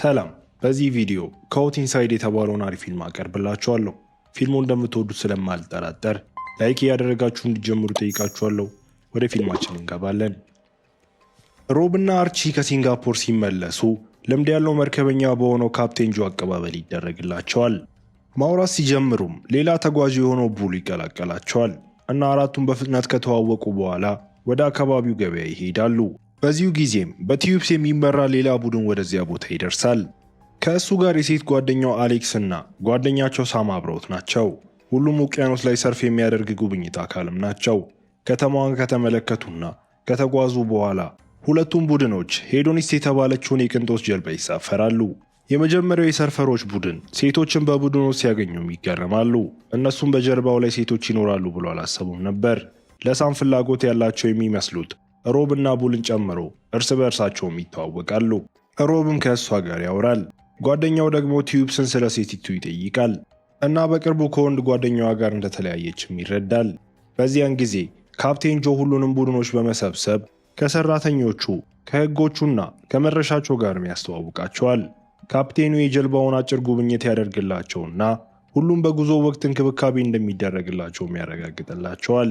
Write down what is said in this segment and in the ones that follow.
ሰላም፣ በዚህ ቪዲዮ ካውት ኢንሳይድ የተባለውን አሪፍ ፊልም አቀርብላችኋለሁ። ፊልሙን እንደምትወዱት ስለማልጠራጠር ላይክ እያደረጋችሁ እንዲጀምሩ ጠይቃችኋለሁ። ወደ ፊልማችን እንገባለን። ሮብ እና አርቺ ከሲንጋፖር ሲመለሱ ልምድ ያለው መርከበኛ በሆነው ካፕቴን ጆ አቀባበል ይደረግላቸዋል። ማውራት ሲጀምሩም ሌላ ተጓዥ የሆነው ቡል ይቀላቀላቸዋል እና አራቱም በፍጥነት ከተዋወቁ በኋላ ወደ አካባቢው ገበያ ይሄዳሉ። በዚሁ ጊዜም በቲዩብስ የሚመራ ሌላ ቡድን ወደዚያ ቦታ ይደርሳል። ከእሱ ጋር የሴት ጓደኛው አሌክስ እና ጓደኛቸው ሳም አብረውት ናቸው። ሁሉም ውቅያኖስ ላይ ሰርፍ የሚያደርግ ጉብኝት አካልም ናቸው። ከተማዋን ከተመለከቱና ከተጓዙ በኋላ ሁለቱም ቡድኖች ሄዶኒስት የተባለችውን የቅንጦት ጀልባ ይሳፈራሉ። የመጀመሪያው የሰርፈሮች ቡድን ሴቶችን በቡድኑ ሲያገኙ ሲያገኙም ይገረማሉ። እነሱም በጀልባው ላይ ሴቶች ይኖራሉ ብሎ አላሰቡም ነበር። ለሳም ፍላጎት ያላቸው የሚመስሉት ሮብና ቡልን ጨምሮ እርስ በእርሳቸውም ይተዋወቃሉ። ሮብም ከእሷ ጋር ያወራል። ጓደኛው ደግሞ ቲዩብስን ስለ ሴቲቱ ይጠይቃል እና በቅርቡ ከወንድ ጓደኛዋ ጋር እንደተለያየችም ይረዳል። በዚያን ጊዜ ካፕቴን ጆ ሁሉንም ቡድኖች በመሰብሰብ ከሰራተኞቹ ከህጎቹና ከመረሻቸው ጋርም ያስተዋውቃቸዋል። ካፕቴኑ የጀልባውን አጭር ጉብኝት ያደርግላቸውና ሁሉም በጉዞ ወቅት እንክብካቤ እንደሚደረግላቸውም ያረጋግጥላቸዋል።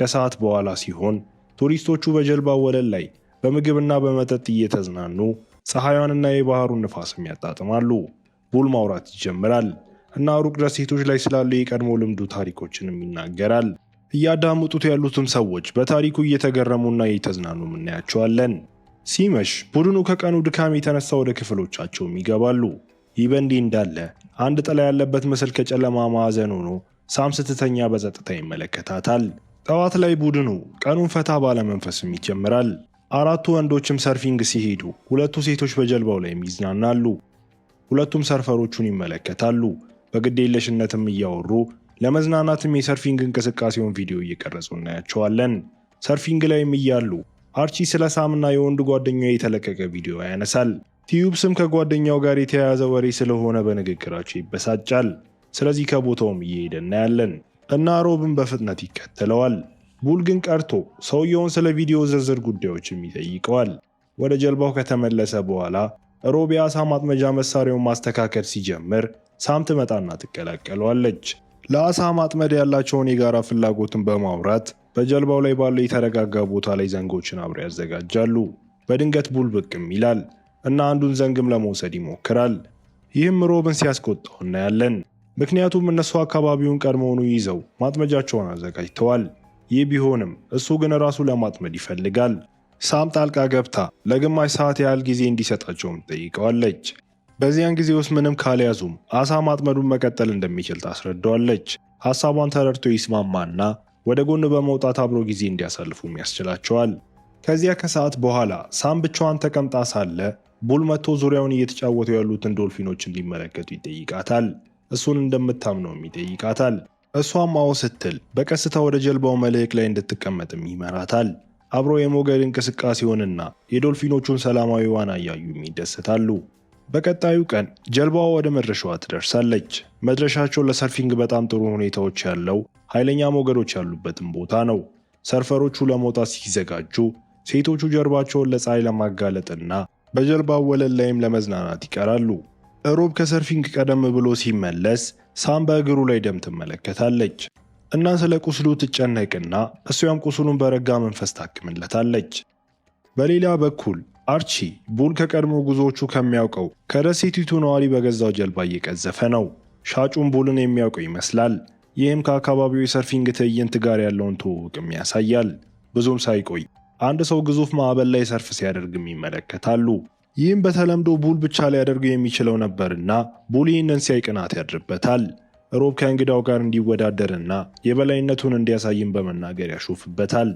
ከሰዓት በኋላ ሲሆን ቱሪስቶቹ በጀልባ ወለል ላይ በምግብና በመጠጥ እየተዝናኑ ፀሐዩንና የባህሩን ንፋስም ያጣጥማሉ። ቡል ማውራት ይጀምራል እና ሩቅ ደሴቶች ላይ ስላሉ የቀድሞ ልምዱ ታሪኮችንም ይናገራል። እያዳመጡት ያሉትም ሰዎች በታሪኩ እየተገረሙና እየተዝናኑ እናያቸዋለን። ሲመሽ ቡድኑ ከቀኑ ድካም የተነሳ ወደ ክፍሎቻቸውም ይገባሉ። ይህ በእንዲህ እንዳለ አንድ ጥላ ያለበት ምስል ከጨለማ ማዕዘን ሆኖ ሳም ስትተኛ በጸጥታ ይመለከታታል። ጠዋት ላይ ቡድኑ ቀኑን ፈታ ባለመንፈስም ይጀምራል። አራቱ ወንዶችም ሰርፊንግ ሲሄዱ ሁለቱ ሴቶች በጀልባው ላይ ይዝናናሉ። ሁለቱም ሰርፈሮቹን ይመለከታሉ። በግዴለሽነትም እያወሩ ለመዝናናትም የሰርፊንግ እንቅስቃሴውን ቪዲዮ እየቀረጹ እናያቸዋለን። ሰርፊንግ ላይም እያሉ አርቺ ስለ ሳምና የወንድ ጓደኛ የተለቀቀ ቪዲዮ ያነሳል። ቲዩብስም ከጓደኛው ጋር የተያያዘ ወሬ ስለሆነ በንግግራቸው ይበሳጫል። ስለዚህ ከቦታውም እየሄደ እናያለን። እና ሮብን በፍጥነት ይከተለዋል። ቡል ግን ቀርቶ ሰውየውን ስለ ቪዲዮ ዝርዝር ጉዳዮችም ይጠይቀዋል። ወደ ጀልባው ከተመለሰ በኋላ ሮብ የአሳ ማጥመጃ መሳሪያውን ማስተካከል ሲጀምር ሳም ትመጣና ትቀላቀለዋለች። ለአሳ ማጥመድ ያላቸውን የጋራ ፍላጎትን በማውራት በጀልባው ላይ ባለው የተረጋጋ ቦታ ላይ ዘንጎችን አብረው ያዘጋጃሉ። በድንገት ቡል ብቅም ይላል እና አንዱን ዘንግም ለመውሰድ ይሞክራል። ይህም ሮብን ሲያስቆጣው እናያለን። ምክንያቱም እነሱ አካባቢውን ቀድሞውኑ ይዘው ማጥመጃቸውን አዘጋጅተዋል። ይህ ቢሆንም እሱ ግን ራሱ ለማጥመድ ይፈልጋል። ሳም ጣልቃ ገብታ ለግማሽ ሰዓት ያህል ጊዜ እንዲሰጣቸውም ጠይቀዋለች። በዚያን ጊዜ ውስጥ ምንም ካልያዙም አሳ ማጥመዱን መቀጠል እንደሚችል ታስረዳዋለች። ሐሳቧን ተረድቶ ይስማማና ወደ ጎን በመውጣት አብሮ ጊዜ እንዲያሳልፉም ያስችላቸዋል። ከዚያ ከሰዓት በኋላ ሳም ብቻዋን ተቀምጣ ሳለ ቡል መጥቶ ዙሪያውን እየተጫወቱ ያሉትን ዶልፊኖችን ሊመለከቱ ይጠይቃታል። እሱን እንደምታምነው ይጠይቃታል። እሷም አዎ ስትል በቀስታ ወደ ጀልባው መልሕቅ ላይ እንድትቀመጥም ይመራታል። አብሮ የሞገድ እንቅስቃሴውንና የዶልፊኖቹን ሰላማዊ ዋና እያዩም ይደሰታሉ። በቀጣዩ ቀን ጀልባዋ ወደ መድረሻዋ ትደርሳለች። መድረሻቸው ለሰርፊንግ በጣም ጥሩ ሁኔታዎች ያለው ኃይለኛ ሞገዶች ያሉበትም ቦታ ነው። ሰርፈሮቹ ለመውጣት ሲዘጋጁ፣ ሴቶቹ ጀርባቸውን ለፀሐይ ለማጋለጥና በጀልባው ወለል ላይም ለመዝናናት ይቀራሉ። ሮብ ከሰርፊንግ ቀደም ብሎ ሲመለስ ሳም በእግሩ ላይ ደም ትመለከታለች እና ስለ ቁስሉ ትጨነቅና እሷም ቁስሉን በረጋ መንፈስ ታክምለታለች። በሌላ በኩል አርቺ ቡል ከቀድሞ ጉዞዎቹ ከሚያውቀው ከደሴቲቱ ነዋሪ በገዛው ጀልባ እየቀዘፈ ነው። ሻጩን ቡልን የሚያውቀው ይመስላል። ይህም ከአካባቢው የሰርፊንግ ትዕይንት ጋር ያለውን ትውውቅም ያሳያል። ብዙም ሳይቆይ አንድ ሰው ግዙፍ ማዕበል ላይ ሰርፍ ሲያደርግም ይመለከታሉ። ይህም በተለምዶ ቡል ብቻ ሊያደርገው የሚችለው ነበርና ቡል ይህንን ሲያይ ቅናት ያድርበታል። ሮብ ከእንግዳው ጋር እንዲወዳደርና የበላይነቱን እንዲያሳይም በመናገር ያሾፍበታል።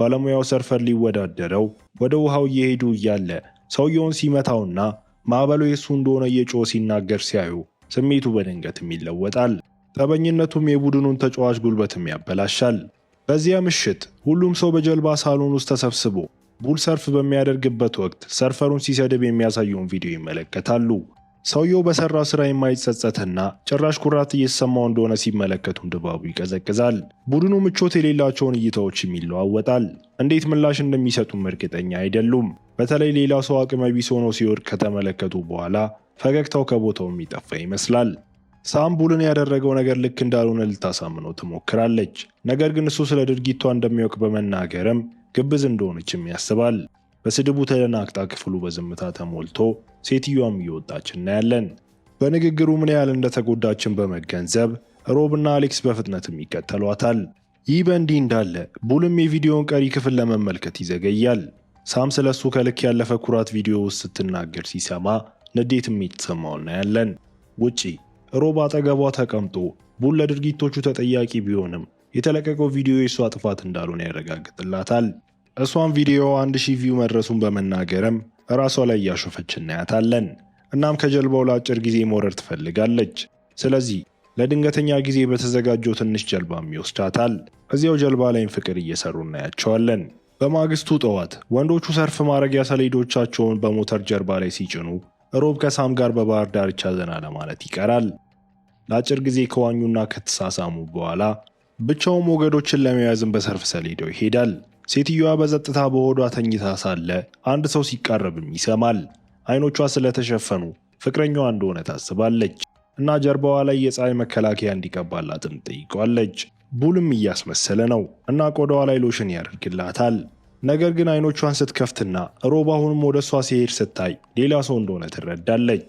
ባለሙያው ሰርፈር ሊወዳደረው ወደ ውሃው እየሄዱ እያለ ሰውየውን ሲመታውና ማዕበሉ የሱ እንደሆነ እየጮ ሲናገር ሲያዩ ስሜቱ በድንገትም ይለወጣል። ጠበኝነቱም የቡድኑን ተጫዋች ጉልበትም ያበላሻል። በዚያ ምሽት ሁሉም ሰው በጀልባ ሳሎን ውስጥ ተሰብስቦ ቡል ሰርፍ በሚያደርግበት ወቅት ሰርፈሩን ሲሰድብ የሚያሳየውን ቪዲዮ ይመለከታሉ። ሰውየው በሰራው ስራ የማይጸጸትና ጭራሽ ኩራት እየተሰማው እንደሆነ ሲመለከቱም ድባቡ ይቀዘቅዛል። ቡድኑ ምቾት የሌላቸውን እይታዎችም ይለዋወጣል። እንዴት ምላሽ እንደሚሰጡም እርግጠኛ አይደሉም። በተለይ ሌላ ሰው አቅመ ቢስ ሆኖ ሲወድቅ ከተመለከቱ በኋላ ፈገግታው ከቦታው የሚጠፋ ይመስላል። ሳም ቡልን ያደረገው ነገር ልክ እንዳልሆነ ልታሳምነው ትሞክራለች። ነገር ግን እሱ ስለ ድርጊቷ እንደሚያውቅ በመናገርም ግብዝ እንደሆነችም ያስባል። በስድቡ ተደናግጣ ክፍሉ በዝምታ ተሞልቶ ሴትዮዋም እየወጣች እናያለን። በንግግሩ ምን ያህል እንደተጎዳችን በመገንዘብ ሮብና አሌክስ በፍጥነትም ይከተሏታል። ይህ በእንዲህ እንዳለ ቡልም የቪዲዮውን ቀሪ ክፍል ለመመልከት ይዘገያል። ሳም ስለ እሱ ከልክ ያለፈ ኩራት ቪዲዮ ውስጥ ስትናገር ሲሰማ ንዴትም የተሰማው እናያለን። ውጪ ሮብ አጠገቧ ተቀምጦ ቡል ለድርጊቶቹ ተጠያቂ ቢሆንም የተለቀቀው ቪዲዮ የእሷ ጥፋት እንዳልሆነ ያረጋግጥላታል። እሷን ቪዲዮ አንድ ሺህ ቪው መድረሱን በመናገርም ራሷ ላይ እያሾፈች እናያታለን። እናም ከጀልባው ለአጭር ጊዜ መውረድ ትፈልጋለች። ስለዚህ ለድንገተኛ ጊዜ በተዘጋጀው ትንሽ ጀልባም ይወስዳታል። እዚያው ጀልባ ላይም ፍቅር እየሰሩ እናያቸዋለን። በማግስቱ ጠዋት ወንዶቹ ሰርፍ ማድረጊያ ሰሌዶቻቸውን በሞተር ጀርባ ላይ ሲጭኑ ሮብ ከሳም ጋር በባህር ዳርቻ ዘና ለማለት ይቀራል። ለአጭር ጊዜ ከዋኙና ከተሳሳሙ በኋላ ብቻውን ሞገዶችን ለመያዝም በሰርፍ ሰሌዳው ይሄዳል። ሴትዮዋ በጸጥታ በሆዷ ተኝታ ሳለ አንድ ሰው ሲቃረብም ይሰማል። አይኖቿ ስለተሸፈኑ ፍቅረኛዋ እንደሆነ ታስባለች እና ጀርባዋ ላይ የፀሐይ መከላከያ እንዲቀባላትም ጠይቋለች። ቡልም እያስመሰለ ነው እና ቆዳዋ ላይ ሎሽን ያደርግላታል። ነገር ግን አይኖቿን ስትከፍትና ሮብ አሁንም ወደ እሷ ሲሄድ ስታይ ሌላ ሰው እንደሆነ ትረዳለች።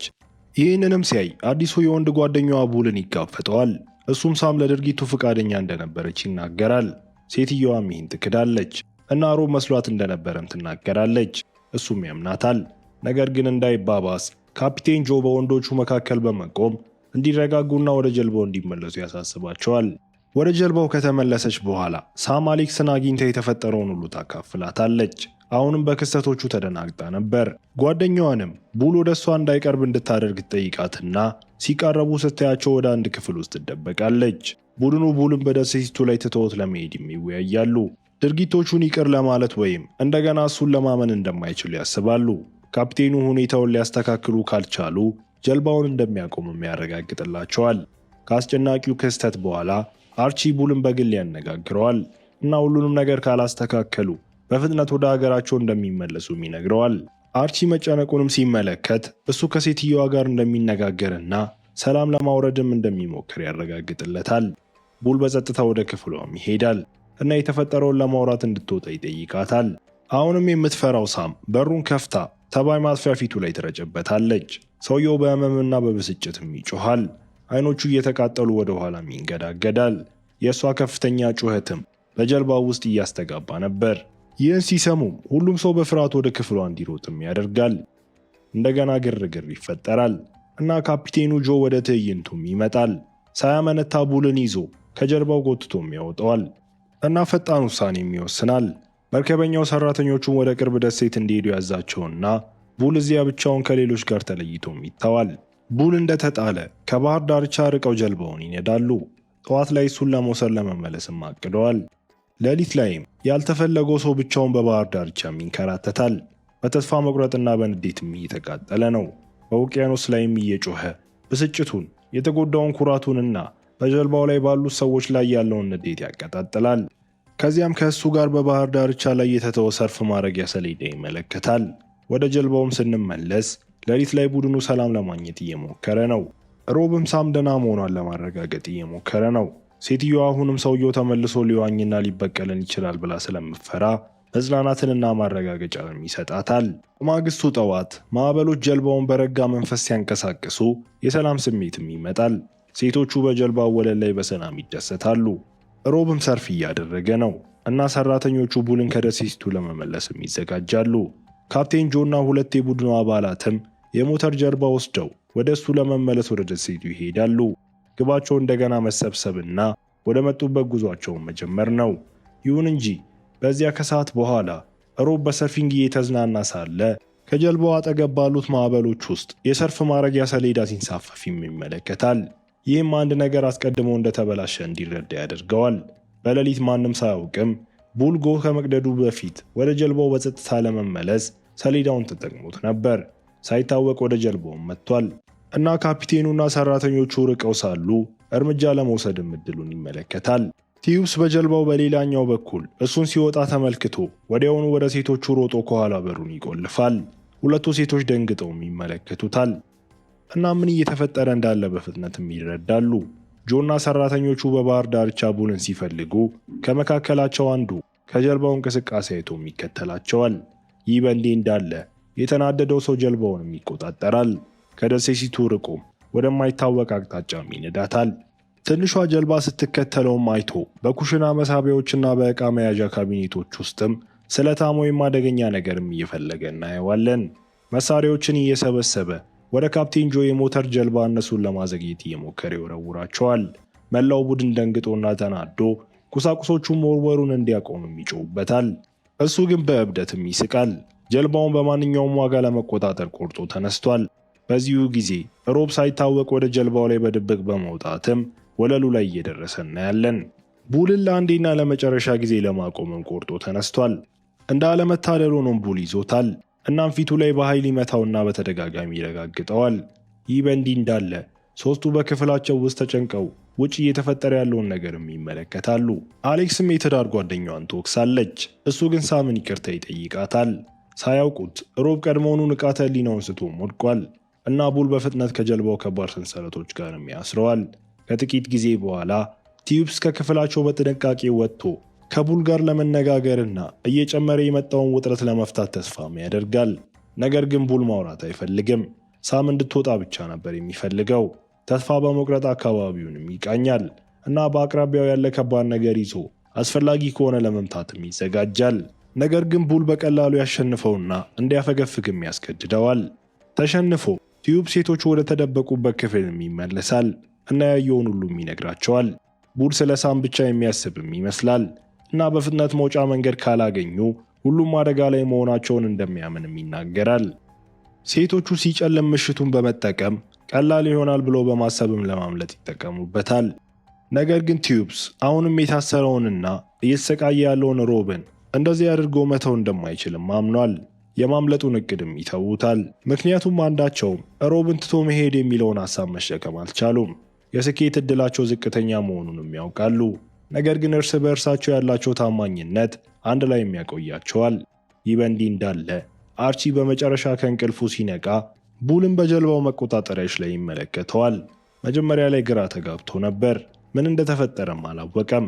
ይህንንም ሲያይ አዲሱ የወንድ ጓደኛዋ ቡልን ይጋፈጠዋል እሱም ሳም ለድርጊቱ ፈቃደኛ እንደነበረች ይናገራል። ሴትየዋም ይህን ትክዳለች እና ሮብ መስሏት እንደነበረም ትናገራለች። እሱም ያምናታል። ነገር ግን እንዳይባባስ ካፒቴን ጆ በወንዶቹ መካከል በመቆም እንዲረጋጉና ወደ ጀልባው እንዲመለሱ ያሳስባቸዋል። ወደ ጀልባው ከተመለሰች በኋላ ሳም አሌክስን አግኝታ የተፈጠረውን ሁሉ ታካፍላታለች። አሁንም በክስተቶቹ ተደናግጣ ነበር። ጓደኛዋንም ቡል ወደ እሷ እንዳይቀርብ እንድታደርግ ትጠይቃትና ሲቃረቡ ስታያቸው ወደ አንድ ክፍል ውስጥ ትደበቃለች። ቡድኑ ቡልን በደሴቲቱ ላይ ትተውት ለመሄድ የሚወያያሉ። ድርጊቶቹን ይቅር ለማለት ወይም እንደገና እሱን ለማመን እንደማይችሉ ያስባሉ። ካፕቴኑ ሁኔታውን ሊያስተካክሉ ካልቻሉ ጀልባውን እንደሚያቆምም ያረጋግጥላቸዋል። ከአስጨናቂው ክስተት በኋላ አርቺ ቡልን በግል ያነጋግረዋል እና ሁሉንም ነገር ካላስተካከሉ በፍጥነት ወደ ሀገራቸው እንደሚመለሱም ይነግረዋል። አርቺ መጨነቁንም ሲመለከት እሱ ከሴትየዋ ጋር እንደሚነጋገርና ሰላም ለማውረድም እንደሚሞክር ያረጋግጥለታል። ቡል በጸጥታ ወደ ክፍሏም ይሄዳል እና የተፈጠረውን ለማውራት እንድትወጣ ይጠይቃታል። አሁንም የምትፈራው ሳም በሩን ከፍታ ተባይ ማጥፊያ ፊቱ ላይ ትረጭበታለች። ሰውየው በህመምና በብስጭትም ይጮኋል። አይኖቹ እየተቃጠሉ ወደ ኋላም ይንገዳገዳል። የእሷ ከፍተኛ ጩኸትም በጀልባው ውስጥ እያስተጋባ ነበር። ይህን ሲሰሙም ሁሉም ሰው በፍርሃት ወደ ክፍሏ እንዲሮጥም ያደርጋል። እንደገና ግርግር ይፈጠራል እና ካፒቴኑ ጆ ወደ ትዕይንቱም ይመጣል። ሳያመነታ ቡልን ይዞ ከጀርባው ጎትቶም ያወጣዋል እና ፈጣን ውሳኔም ይወስናል። መርከበኛው ሰራተኞቹን ወደ ቅርብ ደሴት እንዲሄዱ ያዛቸውና ቡል እዚያ ብቻውን ከሌሎች ጋር ተለይቶም ይተዋል። ቡል እንደተጣለ ከባህር ዳርቻ ርቀው ጀልባውን ይነዳሉ። ጠዋት ላይ እሱን ለመውሰድ ለመመለስም አቅደዋል። ሌሊት ላይም ያልተፈለገው ሰው ብቻውን በባህር ዳርቻም ይንከራተታል። በተስፋ መቁረጥና በንዴትም እየተቃጠለ ነው። በውቅያኖስ ላይም እየጮኸ ብስጭቱን፣ የተጎዳውን ኩራቱንና በጀልባው ላይ ባሉት ሰዎች ላይ ያለውን ንዴት ያቀጣጥላል። ከዚያም ከእሱ ጋር በባህር ዳርቻ ላይ የተተወ ሰርፍ ማድረጊያ ሰሌዳ ይመለከታል። ወደ ጀልባውም ስንመለስ ሌሊት ላይ ቡድኑ ሰላም ለማግኘት እየሞከረ ነው። ሮብም ሳም ደህና መሆኗን ለማረጋገጥ እየሞከረ ነው። ሴትዮዋ አሁንም ሰውየው ተመልሶ ሊዋኝና ሊበቀልን ይችላል ብላ ስለምፈራ መጽናናትንና ማረጋገጫንም ይሰጣታል። በማግስቱ ጠዋት ማዕበሎች ጀልባውን በረጋ መንፈስ ሲያንቀሳቅሱ የሰላም ስሜትም ይመጣል። ሴቶቹ በጀልባው ወለል ላይ በሰላም ይደሰታሉ። ሮብም ሰርፍ እያደረገ ነው እና ሰራተኞቹ ቡልን ከደሴቲቱ ለመመለስም ይዘጋጃሉ። ካፕቴን ጆና ሁለት የቡድኑ አባላትም የሞተር ጀልባ ወስደው ወደ እሱ ለመመለስ ወደ ደሴቱ ይሄዳሉ። ግባቸው እንደገና መሰብሰብና ወደ መጡበት ጉዟቸውን መጀመር ነው። ይሁን እንጂ በዚያ ከሰዓት በኋላ ሮብ በሰርፊንግ እየተዝናና ሳለ ከጀልባው አጠገብ ባሉት ማዕበሎች ውስጥ የሰርፍ ማረጊያ ሰሌዳ ሲንሳፈፍም ይመለከታል። ይህም አንድ ነገር አስቀድሞ እንደተበላሸ እንዲረዳ ያደርገዋል። በሌሊት ማንም ሳያውቅም ቡልጎ ከመቅደዱ በፊት ወደ ጀልባው በጸጥታ ለመመለስ ሰሌዳውን ተጠቅሞት ነበር። ሳይታወቅ ወደ ጀልባውም መጥቷል። እና ካፒቴኑና ሰራተኞቹ ርቀው ሳሉ እርምጃ ለመውሰድም እድሉን ይመለከታል። ቲዩብስ በጀልባው በሌላኛው በኩል እሱን ሲወጣ ተመልክቶ ወዲያውኑ ወደ ሴቶቹ ሮጦ ከኋላ በሩን ይቆልፋል። ሁለቱ ሴቶች ደንግጠውም ይመለከቱታል እና ምን እየተፈጠረ እንዳለ በፍጥነትም ይረዳሉ። ጆና ሰራተኞቹ በባህር ዳርቻ ቡድን ሲፈልጉ ከመካከላቸው አንዱ ከጀልባው እንቅስቃሴ አይቶም ይከተላቸዋል። ይህ በእንዲህ እንዳለ የተናደደው ሰው ጀልባውንም ይቆጣጠራል። ከደሴሲቱ ርቆ ወደማይታወቅ አቅጣጫ ይነዳታል። ትንሿ ጀልባ ስትከተለውም አይቶ በኩሽና መሳቢያዎችና በዕቃ መያዣ ካቢኔቶች ውስጥም ስለታም ወይም አደገኛ ነገርም እየፈለገ እናየዋለን። መሳሪያዎችን እየሰበሰበ ወደ ካፕቴን ጆ የሞተር ጀልባ እነሱን ለማዘግየት እየሞከረ ይወረውራቸዋል። መላው ቡድን ደንግጦና ተናዶ ቁሳቁሶቹን መወርወሩን እንዲያቆምም ይጮውበታል። እሱ ግን በእብደትም ይስቃል። ጀልባውን በማንኛውም ዋጋ ለመቆጣጠር ቆርጦ ተነስቷል። በዚሁ ጊዜ ሮብ ሳይታወቅ ወደ ጀልባው ላይ በድብቅ በመውጣትም ወለሉ ላይ እየደረሰ እናያለን። ቡልን ለአንዴና ለመጨረሻ ጊዜ ለማቆምም ቆርጦ ተነስቷል። እንደ አለመታደል ሆኖም ቡል ይዞታል። እናም ፊቱ ላይ በኃይል ይመታውና በተደጋጋሚ ይረጋግጠዋል። ይህ በእንዲህ እንዳለ ሦስቱ በክፍላቸው ውስጥ ተጨንቀው ውጭ እየተፈጠረ ያለውን ነገርም ይመለከታሉ። አሌክስም የትዳር ጓደኛዋን ትወቅሳለች። እሱ ግን ሳምን ይቅርታ ይጠይቃታል። ሳያውቁት ሮብ ቀድሞውኑ ንቃተ ሕሊናውን ስቶም ወድቋል። እና ቡል በፍጥነት ከጀልባው ከባድ ሰንሰለቶች ጋርም ያስረዋል። ከጥቂት ጊዜ በኋላ ቲዩብስ ከክፍላቸው በጥንቃቄ ወጥቶ ከቡል ጋር ለመነጋገርና እየጨመረ የመጣውን ውጥረት ለመፍታት ተስፋም ያደርጋል። ነገር ግን ቡል ማውራት አይፈልግም። ሳም እንድትወጣ ብቻ ነበር የሚፈልገው። ተስፋ በመቁረጥ አካባቢውንም ይቃኛል እና በአቅራቢያው ያለ ከባድ ነገር ይዞ አስፈላጊ ከሆነ ለመምታትም ይዘጋጃል። ነገር ግን ቡል በቀላሉ ያሸንፈውና እንዲያፈገፍግም ያስገድደዋል። ተሸንፎ ቲዩብ ሴቶች ወደ ተደበቁበት ክፍልም ይመለሳል እና ያየውን ሁሉም ይነግራቸዋል። ቡድ ስለ ሳም ብቻ የሚያስብም ይመስላል እና በፍጥነት መውጫ መንገድ ካላገኙ ሁሉም አደጋ ላይ መሆናቸውን እንደሚያምንም ይናገራል። ሴቶቹ ሲጨልም ምሽቱን በመጠቀም ቀላል ይሆናል ብሎ በማሰብም ለማምለጥ ይጠቀሙበታል። ነገር ግን ቲዩብስ አሁንም የታሰረውንና እየተሰቃየ ያለውን ሮብን እንደዚህ አድርጎ መተው እንደማይችልም አምኗል። የማምለጡን እቅድም ይተውታል። ምክንያቱም አንዳቸውም ሮብን ትቶ መሄድ የሚለውን ሀሳብ መሸከም አልቻሉም። የስኬት እድላቸው ዝቅተኛ መሆኑንም ያውቃሉ። ነገር ግን እርስ በእርሳቸው ያላቸው ታማኝነት አንድ ላይ የሚያቆያቸዋል። ይህ በእንዲህ እንዳለ አርቺ በመጨረሻ ከእንቅልፉ ሲነቃ ቡልን በጀልባው መቆጣጠሪያዎች ላይ ይመለከተዋል። መጀመሪያ ላይ ግራ ተጋብቶ ነበር። ምን እንደተፈጠረም አላወቀም።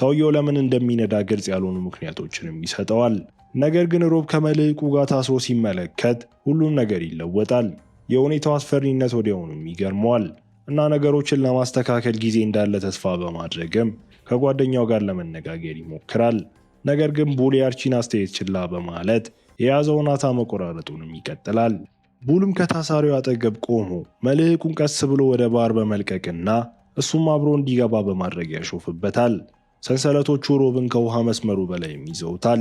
ሰውየው ለምን እንደሚነዳ ግልጽ ያልሆኑ ምክንያቶችንም ይሰጠዋል። ነገር ግን ሮብ ከመልህቁ ጋር ታስሮ ሲመለከት ሁሉም ነገር ይለወጣል። የሁኔታው አስፈሪነት ወዲያውኑም ይገርመዋል እና ነገሮችን ለማስተካከል ጊዜ እንዳለ ተስፋ በማድረግም ከጓደኛው ጋር ለመነጋገር ይሞክራል። ነገር ግን ቡል የአርቺን አስተያየት ችላ በማለት የያዘውን አታ መቆራረጡንም ይቀጥላል። ቡልም ከታሳሪው አጠገብ ቆሞ መልህቁን ቀስ ብሎ ወደ ባህር በመልቀቅና እሱም አብሮ እንዲገባ በማድረግ ያሾፍበታል። ሰንሰለቶቹ ሮብን ከውሃ መስመሩ በላይም ይዘውታል።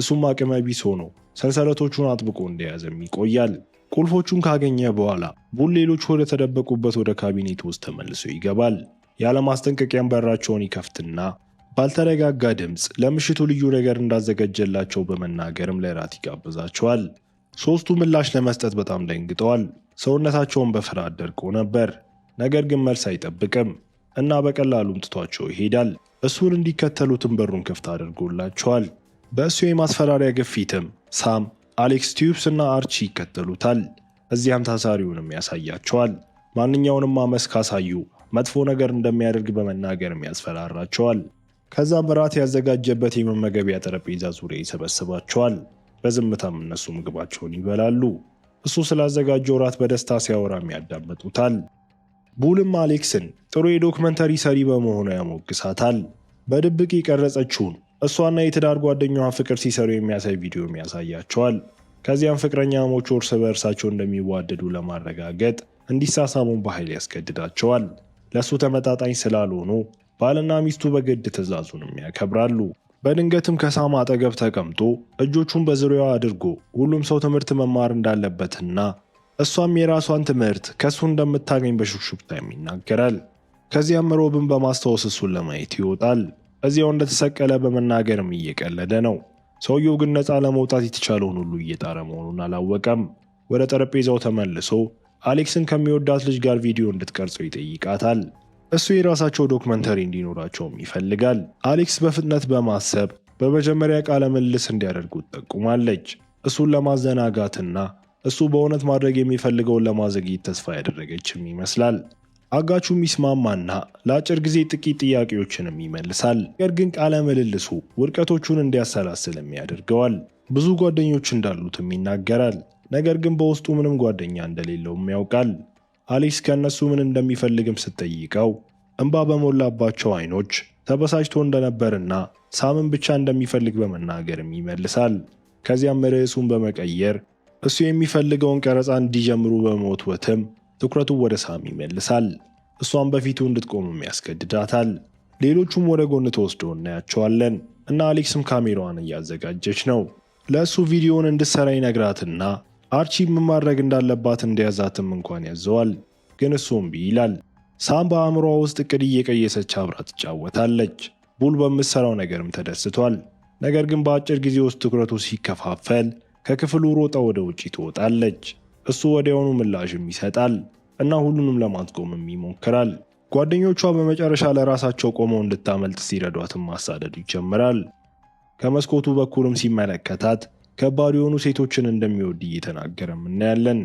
እሱም አቅመ ቢስ ሆኖ ሰንሰለቶቹን አጥብቆ እንደያዘም ይቆያል። ቁልፎቹን ካገኘ በኋላ ቡል ሌሎች ወደ ተደበቁበት ወደ ካቢኔት ውስጥ ተመልሶ ይገባል። ያለማስጠንቀቂያም በራቸውን ይከፍትና ባልተረጋጋ ድምፅ ለምሽቱ ልዩ ነገር እንዳዘጋጀላቸው በመናገርም ለራት ይጋብዛቸዋል። ሦስቱ ምላሽ ለመስጠት በጣም ደንግጠዋል። ሰውነታቸውን በፍርሃት ደርቆ ነበር። ነገር ግን መልስ አይጠብቅም እና በቀላሉም ትቷቸው ይሄዳል። እሱን እንዲከተሉትም በሩን ክፍት አድርጎላቸዋል። በእሱ የማስፈራሪያ ግፊትም ሳም፣ አሌክስ ቲዩብስ እና አርቺ ይከተሉታል። እዚያም ታሳሪውንም ያሳያቸዋል። ማንኛውንም አመስ ካሳዩ መጥፎ ነገር እንደሚያደርግ በመናገርም ያስፈራራቸዋል። ከዛ ምራት ያዘጋጀበት የመመገቢያ ጠረጴዛ ዙሪያ ይሰበስባቸዋል። በዝምታም እነሱ ምግባቸውን ይበላሉ። እሱ ስላዘጋጀው እራት በደስታ ሲያወራም ያዳምጡታል። ቡልም አሌክስን ጥሩ የዶክመንተሪ ሰሪ በመሆኑ ያሞግሳታል። በድብቅ የቀረጸችውን እሷና የትዳር ጓደኛዋ ፍቅር ሲሰሩ የሚያሳይ ቪዲዮም ያሳያቸዋል። ከዚያም ፍቅረኛሞቹ እርስ በእርሳቸው እንደሚዋደዱ ለማረጋገጥ እንዲሳሳሙን በኃይል ያስገድዳቸዋል። ለእሱ ተመጣጣኝ ስላልሆኑ ባልና ሚስቱ በግድ ትዕዛዙንም ያከብራሉ። በድንገትም ከሳማ አጠገብ ተቀምጦ እጆቹን በዙሪያዋ አድርጎ ሁሉም ሰው ትምህርት መማር እንዳለበትና እሷም የራሷን ትምህርት ከእሱ እንደምታገኝ በሹክሹክታም ይናገራል። ከዚያም ሮብን በማስታወስ እሱን ለማየት ይወጣል። እዚያው እንደተሰቀለ በመናገርም እየቀለደ ነው። ሰውየው ግን ነፃ ለመውጣት የተቻለውን ሁሉ እየጣረ መሆኑን አላወቀም። ወደ ጠረጴዛው ተመልሶ አሌክስን ከሚወዳት ልጅ ጋር ቪዲዮ እንድትቀርጸው ይጠይቃታል። እሱ የራሳቸው ዶክመንተሪ እንዲኖራቸውም ይፈልጋል። አሌክስ በፍጥነት በማሰብ በመጀመሪያ ቃለ ምልልስ እንዲያደርጉት ጠቁማለች። እሱን ለማዘናጋትና እሱ በእውነት ማድረግ የሚፈልገውን ለማዘግየት ተስፋ ያደረገችም ይመስላል። አጋቹ ሚስማማና ለአጭር ጊዜ ጥቂት ጥያቄዎችንም ይመልሳል። ነገር ግን ቃለ ምልልሱ ውድቀቶቹን እንዲያሰላስልም ያደርገዋል። ብዙ ጓደኞች እንዳሉትም ይናገራል። ነገር ግን በውስጡ ምንም ጓደኛ እንደሌለውም ያውቃል። አሊስ ከእነሱ ምን እንደሚፈልግም ስትጠይቀው እንባ በሞላባቸው አይኖች ተበሳጭቶ እንደነበርና ሳምን ብቻ እንደሚፈልግ በመናገርም ይመልሳል። ከዚያም ርዕሱን በመቀየር እሱ የሚፈልገውን ቀረጻ እንዲጀምሩ በመወትወትም ትኩረቱ ወደ ሳም ይመልሳል። እሷም በፊቱ እንድትቆምም ያስገድዳታል። ሌሎቹም ወደ ጎን ተወስደው እናያቸዋለን እና አሌክስም ካሜራዋን እያዘጋጀች ነው። ለእሱ ቪዲዮውን እንድትሰራ ይነግራትና አርቺ ምን ማድረግ እንዳለባት እንዲያዛትም እንኳን ያዘዋል። ግን እሱ እምቢ ይላል። ሳም በአእምሯ ውስጥ እቅድ እየቀየሰች አብራ ትጫወታለች። ቡል በምትሰራው ነገርም ተደስቷል። ነገር ግን በአጭር ጊዜ ውስጥ ትኩረቱ ሲከፋፈል ከክፍሉ ሮጣ ወደ ውጪ ትወጣለች። እሱ ወዲያውኑ ምላሽም ይሰጣል እና ሁሉንም ለማስቆምም ይሞክራል። ጓደኞቿ በመጨረሻ ለራሳቸው ቆመው እንድታመልጥ ሲረዷትም ማሳደዱ ይጀምራል። ከመስኮቱ በኩልም ሲመለከታት ከባድ የሆኑ ሴቶችን እንደሚወድ እየተናገረም እናያለን።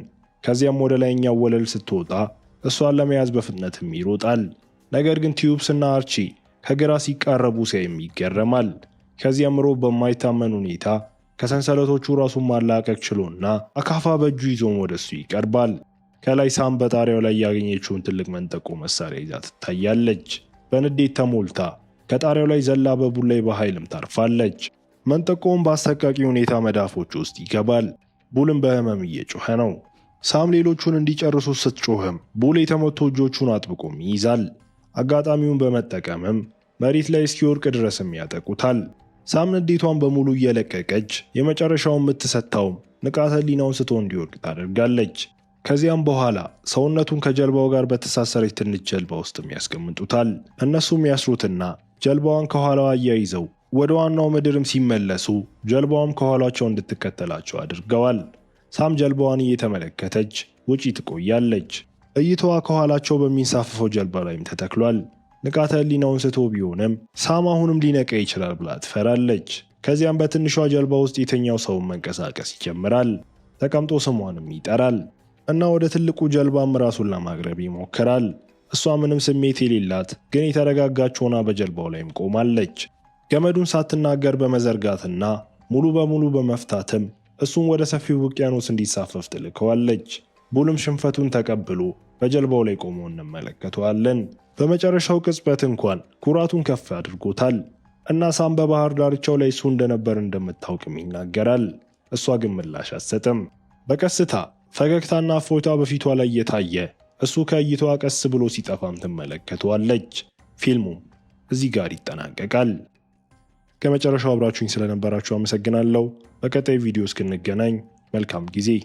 ከዚያም ወደ ላይኛው ወለል ስትወጣ እሷን ለመያዝ በፍጥነትም ይሮጣል። ነገር ግን ቲዩብስ እና አርቺ ከግራ ሲቃረቡ ሲያይም ይገረማል። ከዚያም ሮብ በማይታመን ሁኔታ ከሰንሰለቶቹ ራሱን ማላቀቅ ችሎና አካፋ በእጁ ይዞም ወደሱ ይቀርባል። ከላይ ሳም በጣሪያው ላይ ያገኘችውን ትልቅ መንጠቆ መሳሪያ ይዛ ትታያለች። በንዴት ተሞልታ ከጣሪያው ላይ ዘላ በቡል ላይ በኃይልም ታርፋለች። መንጠቆውን በአሰቃቂ ሁኔታ መዳፎች ውስጥ ይገባል። ቡልም በህመም እየጮኸ ነው። ሳም ሌሎቹን እንዲጨርሱ ስትጮህም ቡል የተመቶ እጆቹን አጥብቆም ይይዛል። አጋጣሚውን በመጠቀምም መሬት ላይ እስኪወርቅ ድረስም ያጠቁታል። ሳም ንዴቷን በሙሉ እየለቀቀች የመጨረሻውን የምትሰታውም ንቃተ ህሊናውን ስቶ እንዲወድቅ ታደርጋለች። ከዚያም በኋላ ሰውነቱን ከጀልባው ጋር በተሳሰረች ትንሽ ጀልባ ውስጥም ያስቀምጡታል። እነሱም ያስሩትና ጀልባዋን ከኋላዋ አያይዘው ወደ ዋናው ምድርም ሲመለሱ ጀልባዋም ከኋላቸው እንድትከተላቸው አድርገዋል። ሳም ጀልባዋን እየተመለከተች ውጪ ትቆያለች። እይታዋ ከኋላቸው በሚንሳፈፈው ጀልባ ላይም ተተክሏል። ንቃተ ህሊናውን ስቶ ቢሆንም ሳም አሁንም ሊነቃ ይችላል ብላ ትፈራለች። ከዚያም በትንሿ ጀልባ ውስጥ የተኛው ሰውን መንቀሳቀስ ይጀምራል። ተቀምጦ ስሟንም ይጠራል እና ወደ ትልቁ ጀልባም ራሱን ለማቅረብ ይሞክራል። እሷ ምንም ስሜት የሌላት ግን የተረጋጋች ሆና በጀልባው ላይም ቆማለች። ገመዱን ሳትናገር በመዘርጋትና ሙሉ በሙሉ በመፍታትም እሱን ወደ ሰፊው ውቅያኖስ እንዲሳፈፍ ትልከዋለች። ቡልም ሽንፈቱን ተቀብሎ በጀልባው ላይ ቆሞ እንመለከተዋለን። በመጨረሻው ቅጽበት እንኳን ኩራቱን ከፍ አድርጎታል እና ሳም በባህር ዳርቻው ላይ እሱ እንደነበር እንደምታውቅም ይናገራል። እሷ ግን ምላሽ አትሰጥም። በቀስታ ፈገግታና ፎይታ በፊቷ ላይ እየታየ እሱ ከእይቷ ቀስ ብሎ ሲጠፋም ትመለከተዋለች። ፊልሙም እዚህ ጋር ይጠናቀቃል። ከመጨረሻው አብራችሁኝ ስለነበራችሁ አመሰግናለሁ። በቀጣይ ቪዲዮ እስክንገናኝ መልካም ጊዜ